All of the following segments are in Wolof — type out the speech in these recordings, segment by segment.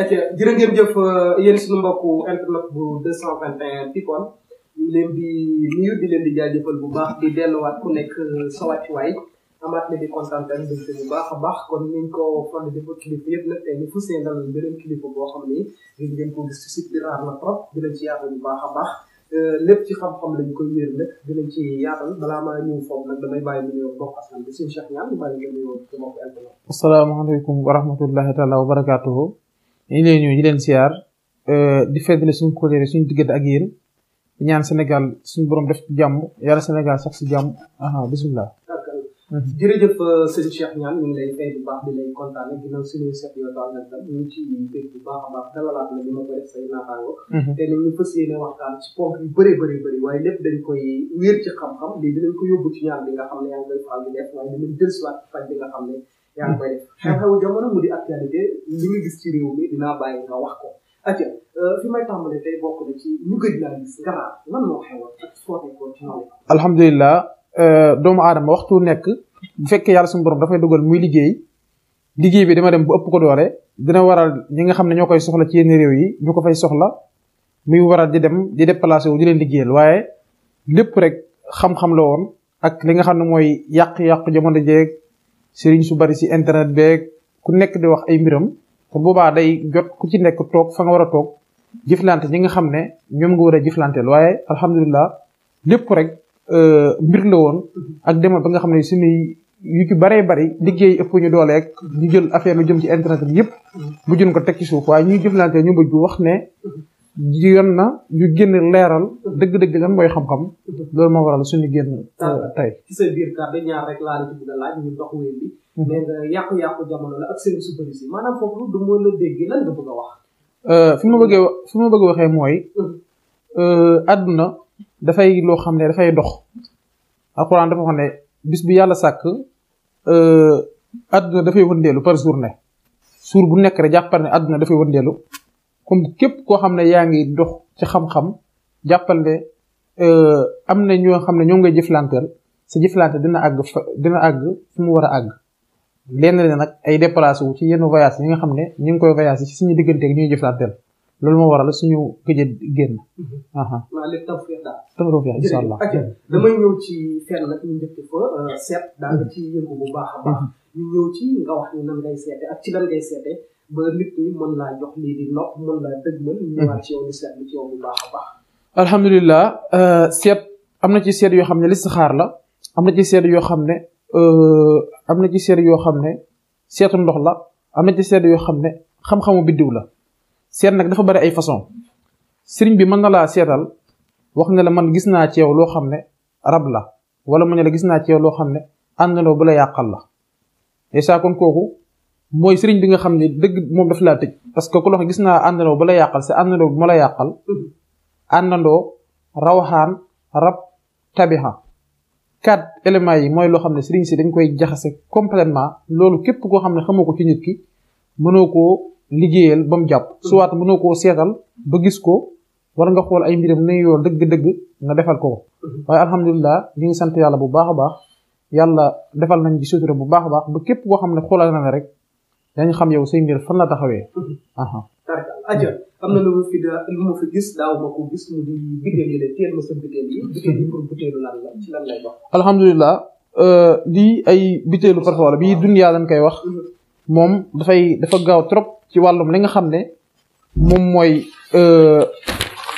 ok jërë ngeen jëf euh, yéen suñu mbokku internet bu 221 People ñu leen di nuyu di leen di jaajëfal bu baax di delluwaat ku nekk euh, sa wàccuwaay amaat na bi kontaan tamit bu baax a baax kon niñ ko faral di defal kilifa yëpp nag tey ñu fu seen dalal beneen kilifa boo xam ni ngeen ngeen ko gis ci site bi raar na bu baax a baax euh, lépp ci xam-xam lañ koy wér nag di leen ci yaatal balaa maa ñëw foofu nag damay bàyyi mu nuyoo mbokk internet asalaamaaleykum wa rahmatullahi taala wa ñu ngi leen ñëw di leen siyaar euh, di feddale suñu kóllëre suñu diggante ak yéen di ñaan Sénégal suñu borom def ci jàmm yàlla Sénégal sax si jàmm aha bisimilah. jërëjëf euh, sëñ Cheikh ñu lay fay bu baax di lay kontaane ginnaaw suñu set yoo nag ñu ci baax a baax dalalaat la li ma ko def say naataango mhm. te nañu fas yéene waxtaan ci ponk yu bëree bëri bëri waaye lépp dañ koy wéer ci xam-xam lii dinañ ko yóbbu ci ñaan bi nga xam ne yaa ngi koy faral di faj bi nga xam ne yaa ngi koy def wax ko euh, alhamdulilah euh, doomu aadama waxtu nekk bu fekkee yàlla suñu borom dafay dogal muy liggéey liggéey bi dama dem bu ëpp ko doole dina waral ñi nga xam ne ñoo koy soxla ci yenn réew yi ñu ko fay soxla muy waral di dem di déplacé wu di leen liggéeyal waaye lépp rek xam-xam la woon ak li nga xam ne mooy yàq-yàq jamono jeeg sëriñ su bari si internet beeg ku nekk di wax ay mbiram te boobaa day jot ku ci nekk toog fa nga war a toog jëflante ñi nga xam ne ñoom nga war a jëflanteel waaye alhamdulilah lépp rek euh, mbir la woon ak dema ba nga xam ne suñuy yu ci baree bari liggéey ëpp ñu dooleek ñu jël affaire lu jëm ci internet yëpp bu jën ko tekki ci suuf waaye ñuy jëflante ñu bëj bu wax ne yoon na ñu génn leeral dëgg-dëgg lan mooy xam-xam loolu moo waral suñu génn euh, tey la ci bëgg a laaj mhm. euh, la ak seen ma la dégg fi ma bëggee euh, fi ma bëgg waxee mooy mhm. àdduna dafay loo xam ne dafay dox alxuraan dafa xam ne bis bi yàlla sàkk àdduna dafay wëndeelu par journée suur bu nekk rek jàppar ne àdduna dafay wëndeelu comme képp koo xam ne yaa ngi dox ci xam-xam jàppal ne euh, am na ñoo xam ne ñoom ngay jëflanteel sa jëflante dina àgg dina àgg fu mu war a àgg lenn la nag ay déplacé wu ci yenn voyage yi nga xam ne ñu ngi koy voyage ci suñu diggante ak ñuy jëflanteel loolu moo waral suñu gëj a génn. Mm-hmm. waaw lépp tawfeex daal. tawfeex incha allah. damay ñëw ci fenn nag euh, a mm-hmm. ñu ñëw ci ci lan ngay seede ba nit ñi hmm. alhamdulilah euh, seet am na ci seet yoo xam ne listixaar la am na ci seet yoo xam ne euh, am na ci seet yoo xam ne seetu ndox la am na ci seet yoo xam ne xam-xamu biddiw la seet nag dafa bari ay façon sëriñ bi mën na laa seetal wax ne la man gis naa ci loo xam ne rab la wala mu ne la gis naa ci loo xam ne àndandoo bu la yàqal la dèjà kon kooku mooy sëriñ bi nga xam ne dëgg moom daf laa tëj parce que ku lox gis na àndandoo ba la yàqal sa àndandoo bi ma la yàqal àndandoo rawaxaan rab tabixa quatre éléments yi mooy loo xam ne sëriñ si dañ koy jaxase complètement loolu képp koo xam ne xamoo ko ci nit ki mënoo ko liggéeyal ba mu jàpp soit mënoo koo seetal ba gis ko war nga xool ay mbiram nuy yool dëgg-dëgg nga defal ko mm-hmm. waaye alhamdulilah ngi sant yàlla bu baax a baax yàlla defal nañ ci sutura bu baax a baax ba képp koo xam ne xoolal na rek dañ xam yow say mbir fan la taxawee. d'accord di euh, lii ay butéelu parfum la bii dunyaa lañ koy wax. Mhm. moom dafay dafa gaaw trop ci wàllum li nga xam ne moom mooy euh,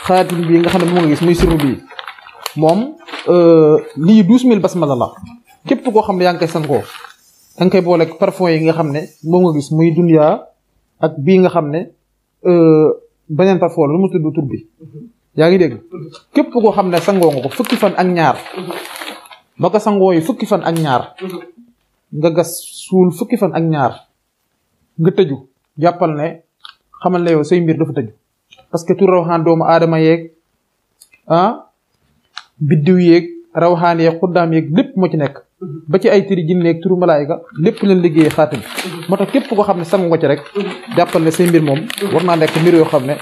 xaatim bi nga xam ne moom nga gis muy sirru bi moom euh, lii douze mille basmala la. képp koo xam ne yaa ngi koy sangoo da nga koy booleeg yi nga xam ne moom nga gis muy dunya ak bii nga xam ne euh, beneen parfum lu mu tudd tur bi mhm. yaa ngi dégg képp koo xam ne sangoo nga ko fukki fan ak ñaar mhm. sangoo yi fukki fan ak ñaar mhm. nga gas suul fukki fan ak ñaar nga tëju jàppal ne xamal ne yow say mbir dafa tëju parce que tur rawaxaan doomu aadama yeeg ah biddiw yeeg rawxaan yeeg xuddaam yeeg lépp moo ci nekk ba ci ay tëri jinne ak turu malaayika lépp leen liggéeyee xaatim moo tax képp koo xam ne sam nga ci rek jàppal ne say mbir moom war naa nekk mbir yoo xam ne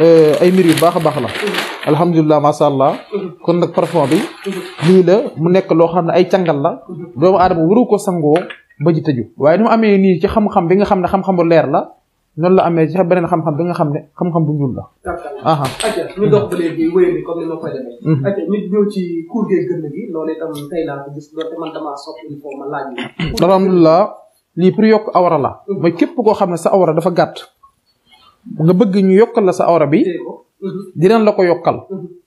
euh, ay mbir yu baax a baax la alhamdulilah macha allah kon nag parfum bi lii la mu nekk loo xam ne ay cangal la doomu aadama waru ko sangoo ba ji tëju waaye ni mu amee nii ci xam-xam bi nga xam ne xam-xamu leer la noonu la amee ci beneen xam-xam bi nga xam ne xam-xam bu ñuul la. ah léegi wéyandi mhm. ci cours des gën lii pour yokk awra la. Mhm. mooy képp koo xam ne sa awra dafa gàtt. nga bëgg ñu yokkal la sa awra bi. di mhm. dinañ la ko yokkal.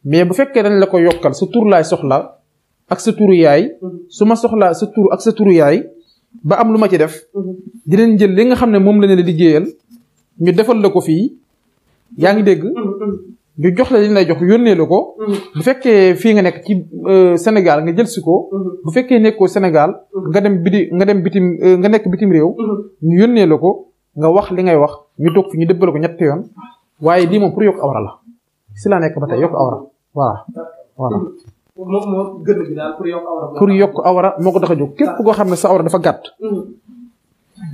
mais bu fekkee dañ la ko yokkal su tur laay soxla ak sa turu yaay. su ma soxlaa sa tur ak sa turu yaay. ba am lu ma ci def. di dinañ jël li nga xam ne moom la ne liggéeyal ñu defal la ko fii yaa ngi dégg. Mm-hmm, mm-hmm. ñu jox la li lay jox yónnee la ko. Mm-hmm. bu fekkee fii nga nekk ci euh, senegal nga jël si ko. bu fekkee nekkoo senegal nga dem biti nga dem bitim euh, nga nekk bitim réew. ñu yónnee la ko nga wax li ngay wax ñu toog fi ñu dëbbal ko ñetti yoon waaye lii moom pour yokk awra la si laa nekk ba tey yokk awra voilà voilà. moom moo gën pour yokk awra. moo ko tax a jóg képp koo xam ne sa awra dafa gàtt.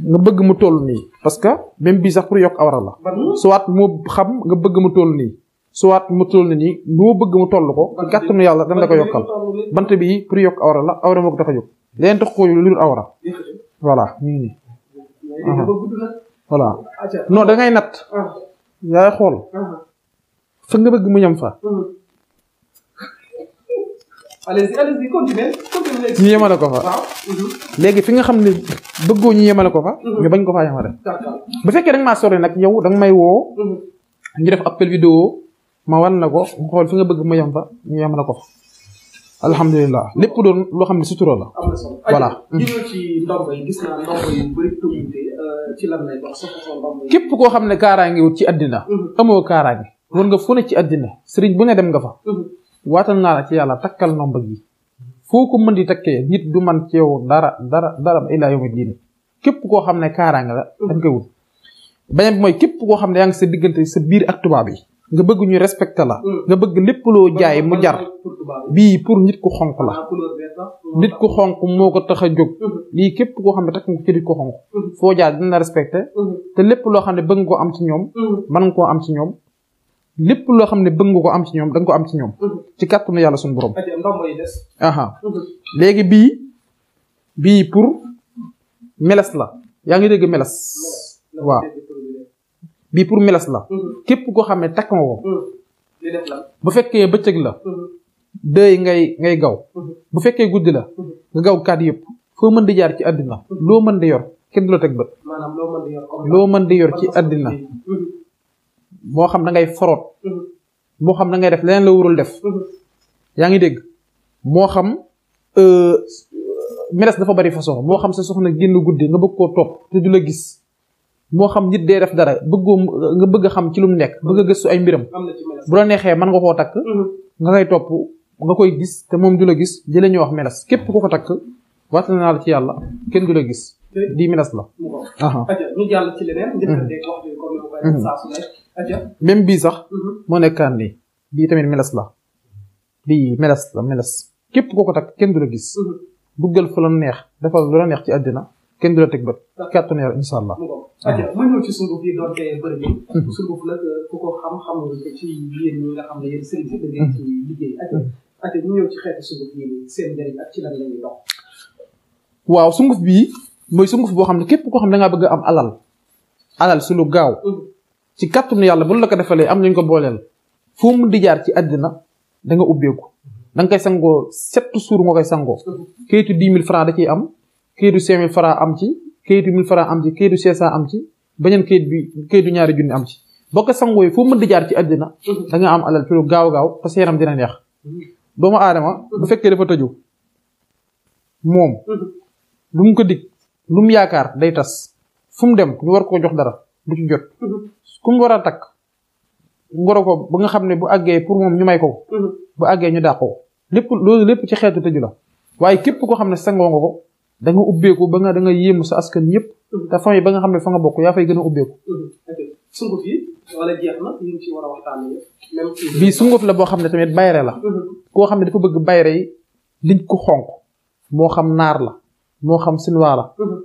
nga bëgg mu toll nii parce que même bii sax pour yokk awra la soit mu xam nga bëgg mu toll nii soit mu toll nii loo bëgg mu toll ko kàttanu yàlla dana la ko yokkal bant bi pour yokk awra la awra moo ko tax a jóg leen tax ko lu dul awra voilà mi ngi nii voilà non da ngay natt ah. yaay xool ah. fa nga bëgg mu ñam fa allez ñu yemale ko fa. léegi fi nga xam ne bëggoo ñu yemale ko fa. Mhm. ñu bañ ko faa yemale. bu fekkee da nga maa sori nag yow danga may woo. Mhm. ñu def appel vidéo ma wan na ko mu xool fi nga bëgg ma yem fa ñu yemale ko fa. alhamdulilah lépp doon loo xam ne sutura la. am voilà. gis naa ndombo yu euh, képp koo xam ne kaaraange wut ci àddina. Mhm. amoo kaaraange. war nga fu ci àddina sëriñ bu ne dem nga fa. waatal naa la ci yàlla takkal ndomb yi foo ko mën di takkee nit du man ci yow dara dara dara ba illaa yawmi képp koo xam ne kaaraange la mm. dañ koy wut mooy képp koo xam ne yaa ngi sa diggante sa biir ak tubaab yi nga bëgg ñu respecté la mm. nga bëgg lépp loo jaay mu jar bii pour nit ku xonq la ah, mm. nit ku xonq moo ko tax a jóg lii képp koo xam ne takk nga ci nit ku xonq foo jaar dina respecté te lépp loo xam ne bëgg koo am ci ñoom mën nga koo am ci ñoom lépp loo xam ne bëgg nga ko am ci ñoom da ko am ci ñoom. Mm-hmm. ci kàttanu yàlla suñu borom. Mm-hmm. léegi bii bii pour meles la yaa ngi dégg meles. waaw bii pour meles la. Mm-hmm. képp koo xam ne takk nga ko. bu fekkee bëccëg la. dëy ngay ngay gaw. bu fekkee guddi la. nga gaw kaat yëpp. foo mën di jaar ci àddina. loo mën di yor kenn du la teg bët. loo mën di yor ci àddina. moo xam da ngay foroot mhm. moo xam da ngay def leneen la warul def mhm. yaa ngi dégg moo xam euh, menace dafa bari façon moo xam sa soxna génn guddi nga bëgg koo topp te du la gis moo xam nit dee def dara bëggoo nga bëgg a xam ci lu mu nekk bëgg a gëstu ay mbiram bu la neexee mën nga koo takk mhm. nga koy topp nga koy gis te moom du la gis jëlee ñuy wax menace képp ku ko takk waat naa la ci yàlla kenn du la gis di menace la. même bii sax. Mm-hmm. moo nekkaan nii bii tamit meles la bii meles la meles képp koo ko takk kenn du la gis. Mm-hmm. duggal fa la neex defal lu la neex ci àddina kenn du la teg bët kàttu neer incha allah. waaw sunguf bi. la ñuy sunguf bii mooy sunguf boo xam ne képp koo xam ne da ngaa bëgg am alal alal su lu gaaw. Mm-hmm. ci kàttanu yàlla buñ la ko defalee am nañ ko booleel foo mun di jaar ci àddina da nga ubbeeku da koy sangoo sept jours nga koy sangoo kayitu dix mille francs da ciy am kayitu cinq mille francs am ci kayitu mille francs am ci kayitu cinq cent am ci beneen kayit bi kayitu ñaari junni am ci boo ko sangooy foo mën di jaar ci àddina da am alal ci lu gaaw gaaw te sa yaram dina neex doomu aadama bu fekkee dafa tëju moom lu mu ko dig lu mu yaakaar day tas fu mu dem ñu war koo jox dara du ci jot ku war a takk ngoro ko ba nga xam ne bu àggee pour moom ñu may ko. Mhm. bu àggee ñu dàqoo lépp loolu lépp ci xeetu tëju la waaye képp koo xam ne sangoo nga ko da ubbeeku ba nga da nga yéemu sa askan yëpp. Mhm. te ba nga xam ne fa nga bokk yaa gën a mhm. a waxtaanee bii sunguf la boo xam ne tamit bayre la. koo xam ne dafa bëgg bayre yi liñ ku xonq moo xam naar la moo xam sinuwaa la.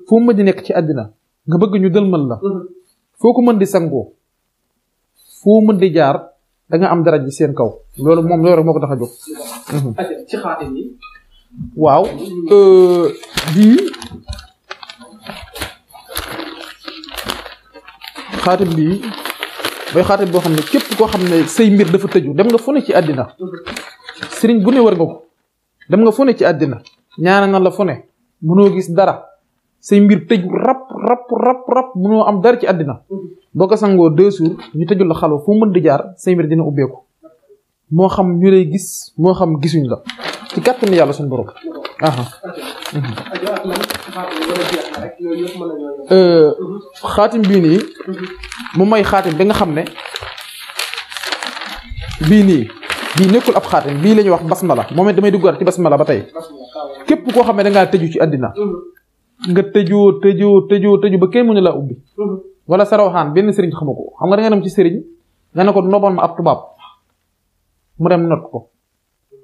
foo mën di nekk ci àddina nga bëgg ñu dëlmal la. foo ko mën di sangoo foo mën di jaar da am daraj bi seen kaw loolu moom loolu moo ko tax a jóg. Mhm. ci xaatim waaw bii euh, xaatim bii mooy xaatim boo xam ne képp koo xam ne say mbir dafa tëju dem nga fu ci àddina sëriñ bu ne war nga dem nga fu ci àddina ñaana na la fu ne gis dara sëy mbir tëju rap rap rap rap mënoo am dara ci àddina mhm. boo ko sangoo deux ñu tëjul la xalwa fu mën di jaar say mbir dina ubbeeku moo xam ñu lay gis moo xam gisuñ la ci kàttanu yàlla suñ borom. Mhm. Euh, xaatim bii nii mu may xaatim bi nga xam ne bii nii bii nekkul ab xaatim bii la ñuy wax basmala moom it damay duggaat ci la ba tey képp koo xam ne dangaa tëju ci àddina mhm. nga tëjoo tëjoo tëjoo tëju ba kenn mënu ubbi mhm. wala sa rawxaan benn sëriñ xamu ko xam nga da nga dem ci sëriñ nga ne ko noobal ma ab tubaab mu dem noot ko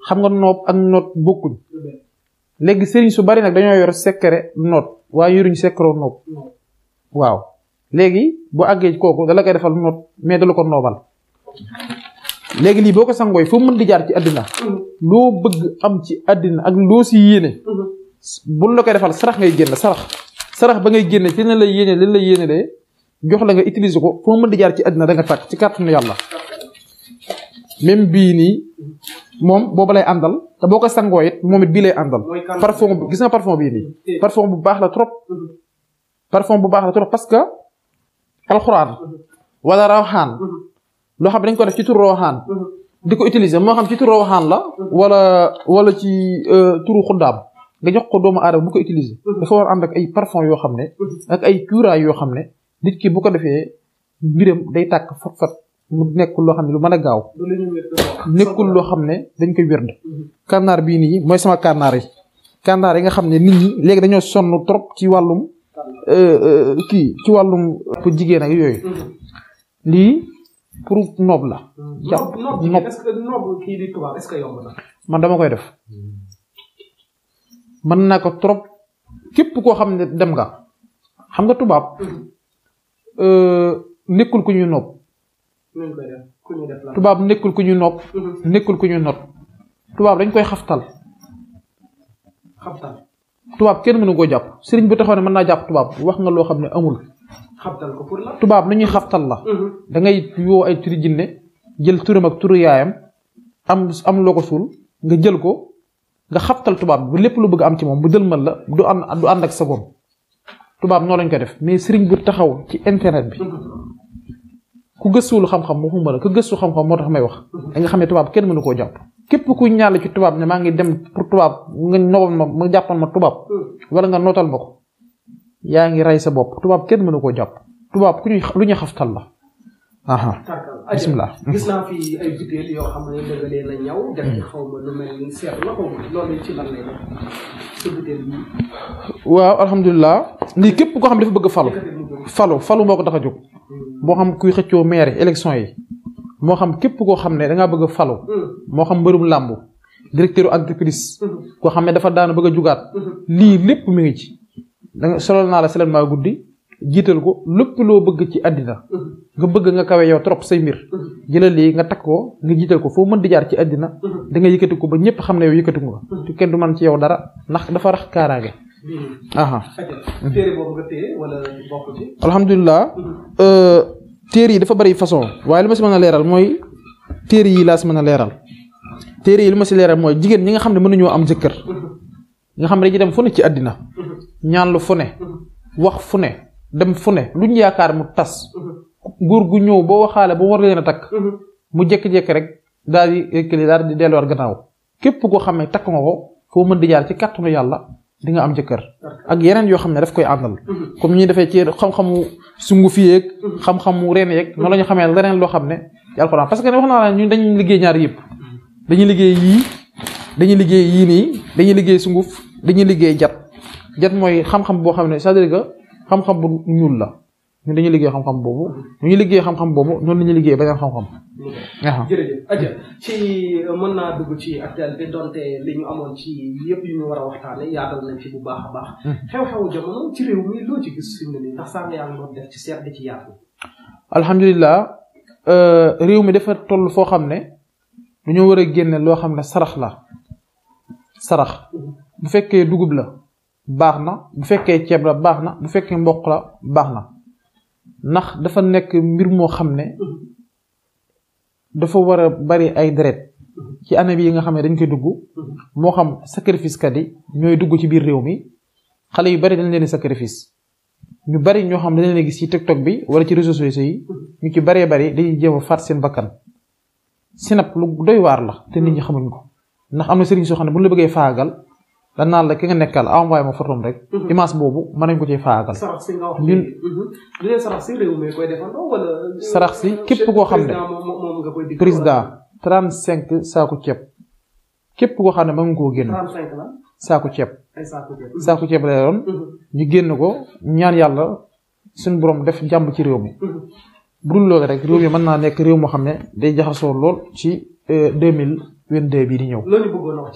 xam nga noob ak noot bokkuñ léegi sëriñ su bari nag dañoo yor secret noot waaye yoruñ secret noob waaw léegi bu àggee kooku dala koy defal noot mais dala ko noobal léegi lii boo ko sangooy foo mën di jaar ci àddina loo bëgg am ci àddina ak loo si yéene buñ la koy defal sarax ngay génn sarax sarax ba ngay génne ci ne la yéene li la yéene de jox la nga utiliser ko foo mën di ci àddina da nga tàkk ci kàttanu yàlla même bii nii moom boobu lay àndal te boo ko sangoo moom it bii lay àndal parfum gis nga parfum bii nii parfum bu baax la trop parfum bu baax la trop parce que alxuraan wala rawxaan loo xam ne dañ ko def ci tur rawxaan di ko utiliser moo xam ci tur rawxaan la wala wala ci euh, turu xuddaam nga jox ko doomu aadama bu ko utiliser dafa war ànd ak ay parfum yoo xam ne ak ay cuuraay yoo xam ne nit kii bu ko defee mbiram day tàkk fat-fat nekkul loo xam ne lu mën a gaaw nekkul loo xam ne dañ koy wérd mm-hmm. kànnaar bii nii mooy sama kànnaar yi kànnaar yi nga xam ne nit ñi léegi dañoo sonn trop ci wàllum euh, euh, kii ci wàllum pour jigéen ak yooyu mm-hmm. lii pour noob la mm-hmm. jàpp noob man dama koy def mën naa ko trop képp koo xam ne dem nga xam nga tubaab Euh, nekkul ku ñu nopp. tubaab nekkul ku ñuy nopp. Mhm. nekkul ku ñu not tubaab dañ koy xaftal. xaftal tubaab kenn mënu koo jàpp sëriñ bu taxaw ne mën naa jàpp tubaab wax nga loo xam ne amul. xaftal tubaab nu xaftal la. Mhm. da ngay woo ay turi jinne jël turam ak turu yaayam am am loo ko suul nga jël ko nga xaftal tubaab bu lépp lu bëgg am ci moom bu dëlmal la du ànd du ànd ak sa tubaab noo lañ ko def mais sëriñ bu taxaw ci internet bi ku gëstuwul xam-xam waxuma la ku gëstu xam-xam moo tax may wax da nga xam ne tubaab kenn mënu koo jàpp képp ku ñaal ci tubaab ne maa ngi dem pour tubaab nga nobal ma ma jàppal ma tubaab wala nga nootal ma ko yaa ngi rey sa bopp tubaab kenn mënu koo jàpp tubaab ku lu ñu xaftal la bisimilah gis naa fi yoo xam ne danga leen a ñaw. Hmm. def xaw ma lu mel ni seet la xaw ma ci lan lay waaw alhamdulilah lii képp koo xam ne dafa bëgg falu. falu falu moo ko tax a jóg. Hmm. moo xam kuy xëccoo maire élection yi moo xam képp koo xam ne dangaa bëgg a falu. Hmm. moo xam mbërum làmb directeur entreprise. koo xam ne dafa daan bëgg a jugaat. lii lépp mu ngi ci. da solal naa la seulement guddi. jiital ko lépp loo bëgg ci àddina mm-hmm. nga bëgg nga kawe yow trop say mbir mm-hmm. jëlal lii nga takk ko nga jiital ko foo mën di jaar ci àddina mm-hmm. danga nga ko ba ñëpp xam ne yow yëkkati nga te kenn du man ci yaw dara ndax dafa rax kaaraange aha téere boobu euh, yi dafa bari façon waaye li ma si mën a leeral mooy téere yi laa si mën a leeral téere yi li ma si leeral mooy jigéen ñi nga xam ne mënuñoo am jëkkër nga xam ne dañuy dem fu ne ci àddina ñaan lu fu ne dem fu ne lu ñu yaakaar mu tas nguur gu ñëw boo waxaale ba war leen a takk mhm. mu jékki-jékki rek daal di kii daal di delluwaat gannaaw képp koo xam ne takk nga ko foo mën di jaar ci kàttanu yàlla di nga am jëkkër ak yeneen yoo xam ne daf koy àndal mhm. comme ñuy defee ci xam-xamu sungu fi yeeg mhm. xam-xamu reen yeeg noonu la ñu xamee leneen loo xam ne ci alxuraan parce que ne wax naa la ñun dañuy liggéey ñaar yëpp dañuy liggéey yii dañuy liggéey yii nii dañuy liggéey sunguf dañuy liggéey jat jat mooy xam-xam boo xam ne c'est-à-dire xam-xam bu ñuul la ñun dañuy liggéey xam-xam boobu ñu ñu liggéey xam-xam boobu noonu la ñuy liggéey beneen xam-xam. ci euh, mën naa dugg ci actualité donte li ñu amoon ci yëpp yu ñu war a waxtaane yaatal nañ ci bu baax a baax. Hmm. xew-xewu jamono ci réew mi loo ci gis fi ne nii ndax sànq yaa ngi def ci seet di ci yaatu. alhamdulilah euh, réew mi dafa toll foo xam ne dañoo war a génne loo xam ne sarax la sarax hmm. bu fekkee dugub la. baax na bu fekkee ceeb la baax na bu fekkee mboq la baax na ndax dafa nekk mbir moo xam ne dafa war a bari ay deret ci année yi nga xam ne dañ koy dugg moo xam sacrifice kat yi ñooy dugg ci biir réew mi xale yu bari dañ leen di sacrifice ñu bari ñoo xam dañ leen gis ci TikTok bi wala ci réseaux sociaux yi ñu ci baree bari dañuy jéem a faat seen bakkan sinap lu doy waar la te nit ñi xamuñ ko ndax am na sëriñ soo xam ne bu la bëggee faagal. dañ naan la ki nga nekkaal envoyé ma photom rek. Mhm. image boobu mën nañ ko ci faagal. sarax si nga wax ñun. Mhm. képp koo xam ne moom nga koy. président 35 saako ceeb. képp koo xam ne mën nga koo génn. 35 ceeb. ay saako ceeb mhm. saako ceeb lay doon. ñu génn ko ñaan yàlla suñu borom def jàmm ci réew mi. bu dul loolu rek réew mi mën naa nekk réew moo xam ne day jaxasoo lool ci euh, mille 2022 bii di ñëw. loolu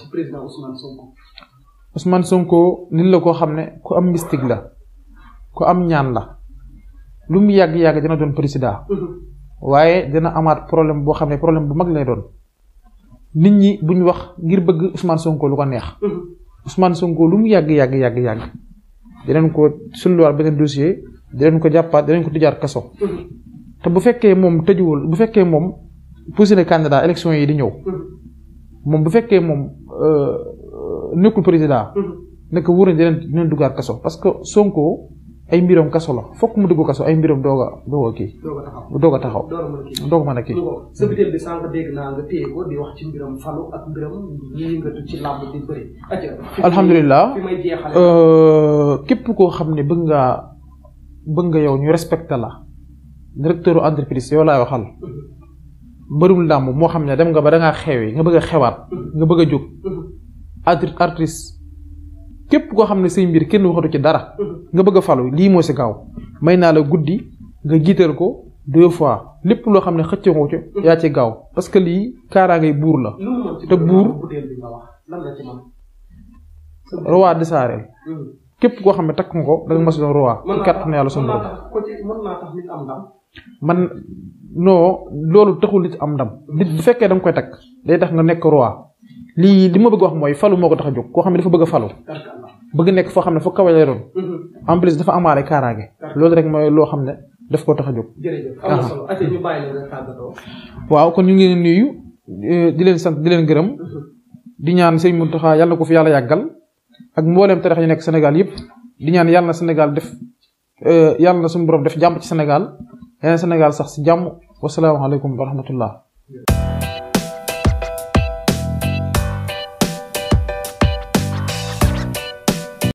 Ousmane Sonko nit la koo xam ne ku am mystique la ku am ñaan la lu mu yàgg-yàgg dina doon président waaye dina amaat problème boo xam ne problème bu mag lay doon nit ñi buñ wax ngir bëgg Ousmane Sonko lu ko neex Ousmane Sonko lu mu yàgg-yàgg-yàgg-yàgg dinañ ko sulluwaat beneen dossier dinañ ko jàppaat dinañ ko tëjaat kaso te bu fekkee moom tëjuwul bu fekkee moom poussé na candidat élection yi di ñëw moom bu fekkee moom euh, nekkul président. Mhm. nekk wóor na dinañ dinañ duggaat kaso parce que Sonko ay mbiram kaso la fokk mu dugg kaso ay mbiram dooga a doog a naa nga alhamdulilah euh, képp koo xam ne bëgg ngaa bëgg nga yow ñu respecté la directeur entreprise yow laay waxal. Mhm. mbërum làmb moo xam ne dem nga ba da ngaa xewi nga bëgg a xewaat. Mhm. nga bëgg a jóg. artiste képp koo xam ne say mbir kenn waxatu ci dara nga bëgg a falu lii moo si gaaw may naa la guddi nga jiital ko deux fois lépp loo xam ne xëccoo nga ci yaa ci gaaw parce que lii kaaraangay buur la te buur roi de saareel képp koo xam ne takk nga ko da nga mas doon roi ci kàttan na yàlla suñu borom man non loolu taxul nit am ndam nit bu fekkee da koy takk day tax nga nekk roi lii li ma bëgg wax mooy falu moo ko tax a jóg koo xam ne dafa bëgg falu bëgg nekk foo xam ne foo kawe lay doon mm-hmm. en dafa amaale kaaraange loolu rek mooy loo xam ne daf koo tax a jóg waaw kon ñu ngi leen nuyu eh, di leen sant di leen gërëm mm-hmm. di ñaan sëñ Mountakha yàlla na ko fi yàlla yàggal ak mbooleem tarax yi nekk senegal yëpp di ñaan yàlla senegal def eh, yàlla na suñu borom def jàmm ci senegal yàlla na sax si jàmm wasalaamaaleykum wa rahmatullah